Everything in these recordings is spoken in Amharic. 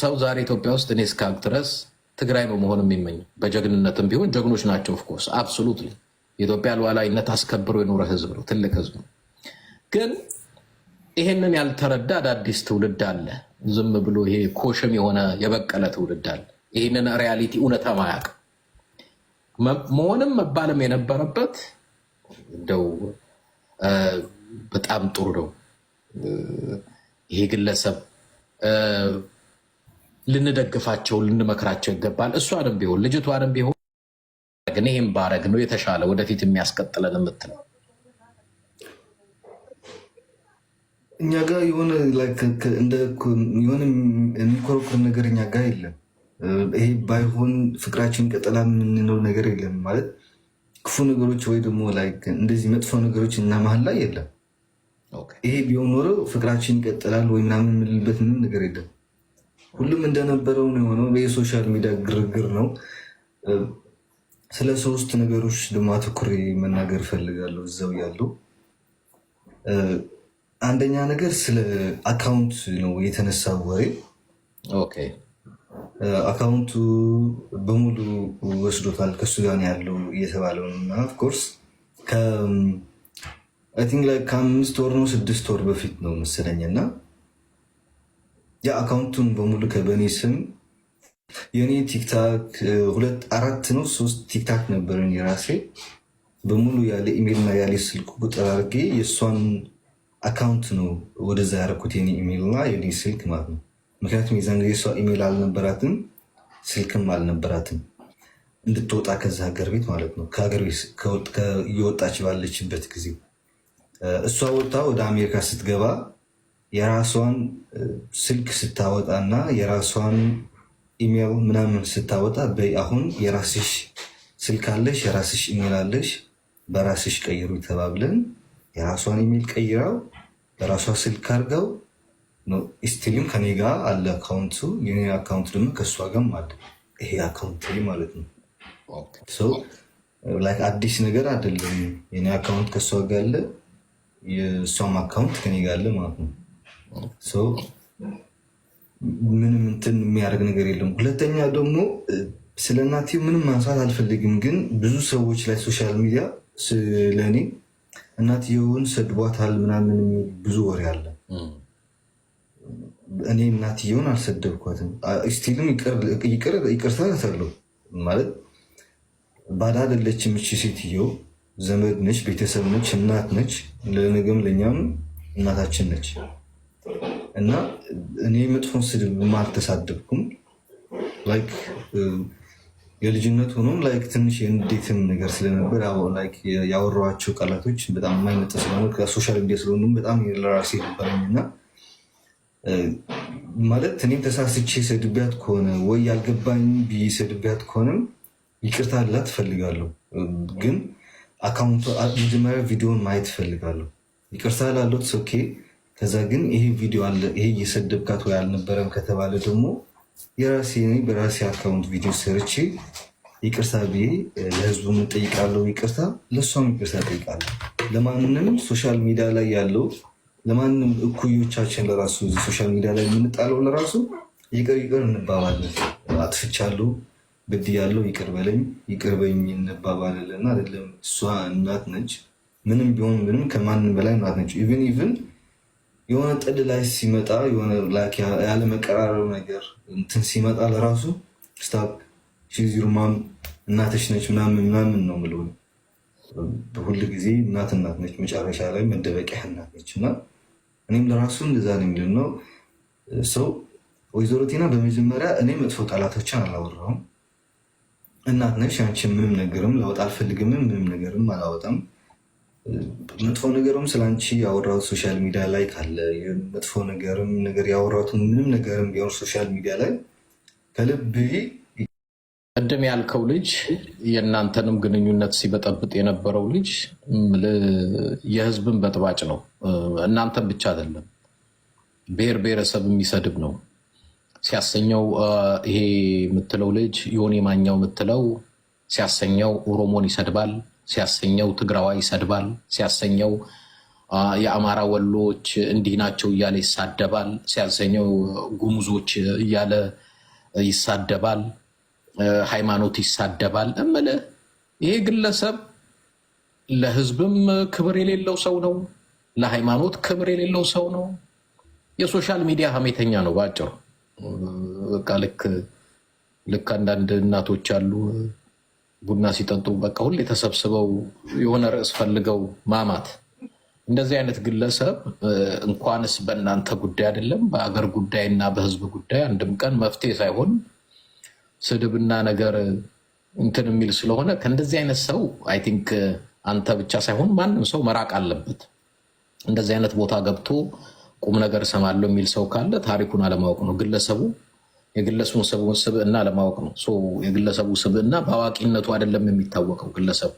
ሰው ዛሬ ኢትዮጵያ ውስጥ እኔ እስካቅ ድረስ ትግራይ በመሆን የሚመኝ በጀግንነትም ቢሆን ጀግኖች ናቸው። ኦፍኮርስ አብሶሉት የኢትዮጵያ ሉዓላዊነት አስከብሮ የኖረ ህዝብ ነው፣ ትልቅ ህዝብ ነው። ግን ይሄንን ያልተረዳ አዳዲስ ትውልድ አለ። ዝም ብሎ ይሄ ኮሽም የሆነ የበቀለ ትውልድ አለ። ይህንን ሪያሊቲ እውነታ ማያቅ መሆንም መባልም የነበረበት እንደው በጣም ጥሩ ነው ይሄ ግለሰብ ልንደግፋቸው ልንመክራቸው ይገባል። እሷንም ቢሆን ልጅቷንም ቢሆን ግን ይህም ባረግ ነው የተሻለ ወደፊት የሚያስቀጥለን የምትለው እኛ ጋ የሆነ የሚኮረኩር ነገር እኛ ጋ የለም። ይሄ ባይሆን ፍቅራችን ቀጠላ የምንለው ነገር የለም ማለት ክፉ ነገሮች ወይ ደግሞ እንደዚህ መጥፎ ነገሮች እና መሀል ላይ የለም። ይሄ ቢሆን ኖሮ ፍቅራችን ይቀጥላል ወይ ምናምን የምልበት ምንም ነገር የለም። ሁሉም እንደነበረው ነው የሆነው። የሶሻል ሚዲያ ግርግር ነው። ስለ ሶስት ነገሮች ደግሞ አትኩሬ መናገር እፈልጋለሁ እዛው ያሉ። አንደኛ ነገር ስለ አካውንት ነው የተነሳ ወሬ። አካውንቱ በሙሉ ወስዶታል ከሱ ጋር ያለው እየተባለው እና ኦፍኮርስ ከአይ ቲንክ ከአምስት ወር ነው ስድስት ወር በፊት ነው መሰለኝ እና የአካውንቱን በሙሉ ከበኔ ስም የእኔ ቲክታክ ሁለት አራት ነው ሶስት ቲክታክ ነበረኝ የራሴ በሙሉ ያለ ኢሜልና ያለ ስልክ ቁጥር አድርጌ የእሷን አካውንት ነው ወደዛ ያደረኩት የኔ ኢሜልና የኔ ስልክ ማለት ነው። ምክንያቱም የዛን ጊዜ እሷ ኢሜል አልነበራትም ስልክም አልነበራትም እንድትወጣ ከዚ ሀገር ቤት ማለት ነው። ከሀገር ቤት እየወጣች ባለችበት ጊዜ እሷ ወጥታ ወደ አሜሪካ ስትገባ የራሷን ስልክ ስታወጣ እና የራሷን ኢሜይል ምናምን ስታወጣ በይ አሁን የራስሽ ስልክ አለሽ፣ የራስሽ ኢሜይል አለሽ፣ በራስሽ ቀይሩ ተባብለን የራሷን ኢሜይል ቀይረው በራሷ ስልክ አድርገው ስትሪም ከኔ ጋ አለ አካውንቱ። የኔ አካውንት ደግሞ ከእሷ ጋም አለ። ይሄ አካውንት ማለት ነው። አዲስ ነገር አይደለም። የኔ አካውንት ከእሷ ጋ አለ፣ የእሷም አካውንት ከኔ ጋ አለ ማለት ነው። ምንም እንትን የሚያደርግ ነገር የለም። ሁለተኛ ደግሞ ስለ እናቴ ምንም ማንሳት አልፈልግም፣ ግን ብዙ ሰዎች ላይ ሶሻል ሚዲያ ስለእኔ እናትየውን ሰድቧታል ምናምን ብዙ ወሬ አለ። እኔ እናትየውን አልሰደብኳትም። ስቲልም ይቅርታ እላታለሁ ማለት ባዳ አይደለችም። እቺ ሴትዮ ዘመድ ነች፣ ቤተሰብ ነች፣ እናት ነች። ለነገም ለእኛም እናታችን ነች። እና እኔ መጥፎን ስድብ አልተሳደብኩም። ላይክ የልጅነት ሆኖም ላይክ ትንሽ የንዴትም ነገር ስለነበር ያወራኋቸው ቃላቶች በጣም የማይመጣ ስለሆነ ከሶሻል ሚዲያ ስለሆኑ በጣም ለራሴ ነበረኝ እና ማለት እኔም ተሳስቼ ሰድቢያት ከሆነ ወይ ያልገባኝ ብዬ ሰድቢያት ከሆነም ይቅርታ ላ ትፈልጋለሁ። ግን አካውንቱ መጀመሪያ ቪዲዮን ማየት ትፈልጋለሁ። ይቅርታ ላለት ኦኬ ከዛ ግን ይሄ ቪዲዮ አለ ይሄ እየሰደብካት ወይ አልነበረም ከተባለ ደግሞ የራሴ በራሴ አካውንት ቪዲዮ ሰርቼ ይቅርታ ብዬ ለህዝቡ የምንጠይቃለው ይቅርታ ለእሷም ይቅርታ ጠይቃለሁ። ለማንም ሶሻል ሚዲያ ላይ ያለው ለማንም እኩዮቻችን ለራሱ ሶሻል ሚዲያ ላይ የምንጣለው ለራሱ ይቅር ይቅር እንባባለን። አጥፍቻለሁ፣ በድያለሁ፣ ይቅር በለኝ፣ ይቅር በኝ እንባባለን እና አይደለም እሷ እናት ነች። ምንም ቢሆን ምንም ከማንም በላይ እናት ነች። ኢቨን ኢቨን የሆነ ጥል ላይ ሲመጣ የሆነ ያለመቀራረብ ነገር እንትን ሲመጣ ለራሱ ስታፕ ሽዚሩ ማም እናትሽ ነች ምናምን ምናምን ነው ምል ሁል ጊዜ እናት እናት ነች፣ መጨረሻ ላይ መደበቂያ እናት ነች። እና እኔም ለራሱ እንደዛ ነው የሚል ነው ሰው ወይዘሮ ቲና በመጀመሪያ እኔ መጥፎ ቃላቶችን አላወራውም። እናት ነች አንቺ ምንም ነገርም ለወጥ አልፈልግምም ምንም ነገርም አላወጣም። መጥፎ ነገርም ስለ አንቺ ሶሻል ሚዲያ ላይ ካለ መጥፎ ነገርም ነገር ያወራሁት ምንም ነገርም ቢሆን ሶሻል ሚዲያ ላይ ከልብ ቅድም ያልከው ልጅ የእናንተንም ግንኙነት ሲበጠብጥ የነበረው ልጅ የህዝብን በጥባጭ ነው። እናንተን ብቻ አይደለም፣ ብሔር ብሔረሰብ የሚሰድብ ነው ሲያሰኘው። ይሄ የምትለው ልጅ ዮኒ ማኛው የምትለው ሲያሰኘው ኦሮሞን ይሰድባል ሲያሰኘው ትግራዋ ይሰድባል፣ ሲያሰኘው የአማራ ወሎዎች እንዲህ ናቸው እያለ ይሳደባል፣ ሲያሰኘው ጉሙዞች እያለ ይሳደባል፣ ሃይማኖት ይሳደባል። እምልህ ይሄ ግለሰብ ለህዝብም ክብር የሌለው ሰው ነው። ለሃይማኖት ክብር የሌለው ሰው ነው። የሶሻል ሚዲያ ሀሜተኛ ነው በአጭሩ። በቃ ልክ ልክ አንዳንድ እናቶች አሉ ቡና ሲጠጡ በቃ ሁሌ ተሰብስበው የሆነ ርዕስ ፈልገው ማማት። እንደዚህ አይነት ግለሰብ እንኳንስ በእናንተ ጉዳይ አይደለም በአገር ጉዳይ እና በህዝብ ጉዳይ አንድም ቀን መፍትሄ ሳይሆን ስድብና ነገር እንትን የሚል ስለሆነ ከእንደዚህ አይነት ሰው አይ ቲንክ አንተ ብቻ ሳይሆን ማንም ሰው መራቅ አለበት። እንደዚህ አይነት ቦታ ገብቶ ቁም ነገር እሰማለሁ የሚል ሰው ካለ ታሪኩን አለማወቅ ነው ግለሰቡ የግለሰቡን ስብዕና ለማወቅ ነው። የግለሰቡ ስብዕና በአዋቂነቱ አይደለም የሚታወቀው። ግለሰቡ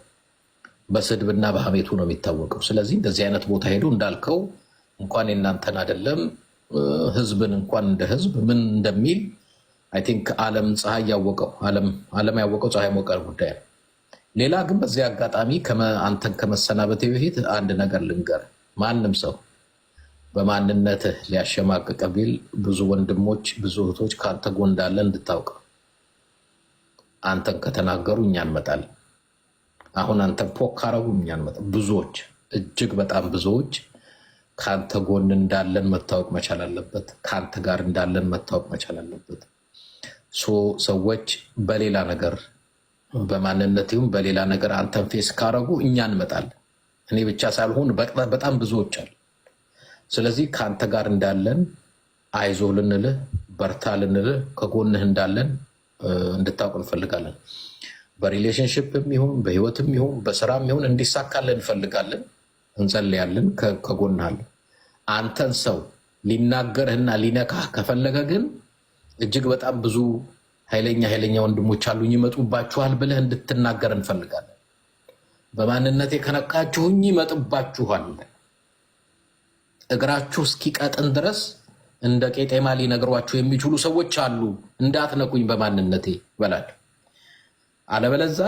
በስድብና በሀሜቱ ነው የሚታወቀው። ስለዚህ እንደዚህ አይነት ቦታ ሄዶ እንዳልከው እንኳን የእናንተን አይደለም ህዝብን እንኳን እንደ ህዝብ ምን እንደሚል አይ ቲንክ ዓለም ፀሐይ ያወቀው ዓለም ያወቀው ፀሐይ ሞቀር ጉዳይ ነው። ሌላ ግን በዚህ አጋጣሚ አንተን ከመሰናበቴ በፊት አንድ ነገር ልንገር ማንም ሰው በማንነትህ ሊያሸማቅቅ ቢል ብዙ ወንድሞች ብዙ እህቶች ከአንተ ጎን እንዳለ እንድታውቅ አንተን ከተናገሩ እኛ እንመጣለን። አሁን አንተ ፖክ ካረጉ እኛ እንመጣለን። ብዙዎች እጅግ በጣም ብዙዎች ከአንተ ጎን እንዳለን መታወቅ መቻል አለበት። ከአንተ ጋር እንዳለን መታወቅ መቻል አለበት። ሰዎች በሌላ ነገር በማንነት ይሁን በሌላ ነገር አንተን ፌስ ካረጉ እኛ እንመጣለን። እኔ ብቻ ሳልሆን በጣም ብዙዎች አሉ። ስለዚህ ከአንተ ጋር እንዳለን አይዞ ልንልህ በርታ ልንልህ ከጎንህ እንዳለን እንድታውቅ እንፈልጋለን። በሪሌሽንሽፕም ይሁን በህይወትም ይሁን በስራም ይሁን እንዲሳካልን እንፈልጋለን፣ እንጸልያለን፣ ከጎንህ አለን። አንተን ሰው ሊናገርህና ሊነካህ ከፈለገ ግን እጅግ በጣም ብዙ ኃይለኛ ኃይለኛ ወንድሞች አሉኝ ይመጡባችኋል ብለህ እንድትናገር እንፈልጋለን። በማንነቴ ከነካችሁኝ ይመጥባችኋል እግራችሁ እስኪቀጥን ድረስ እንደ ቄጤማ ሊነግሯችሁ የሚችሉ ሰዎች አሉ። እንዳትነኩኝ በማንነቴ ይበላል። አለበለዛ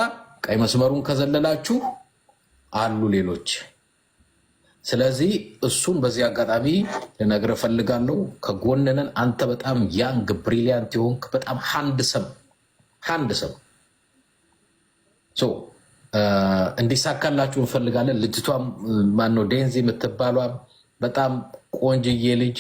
ቀይ መስመሩን ከዘለላችሁ አሉ ሌሎች። ስለዚህ እሱን በዚህ አጋጣሚ ልነግር እፈልጋለሁ። ከጎንነን አንተ በጣም ያንግ ብሪሊያንት የሆንክ በጣም ሀንድ ሰም ሀንድ ሰም እንዲሳካላችሁ እንፈልጋለን። ልጅቷም ማነው ዴንዚ የምትባሏም በጣም ቆንጅዬ ልጅ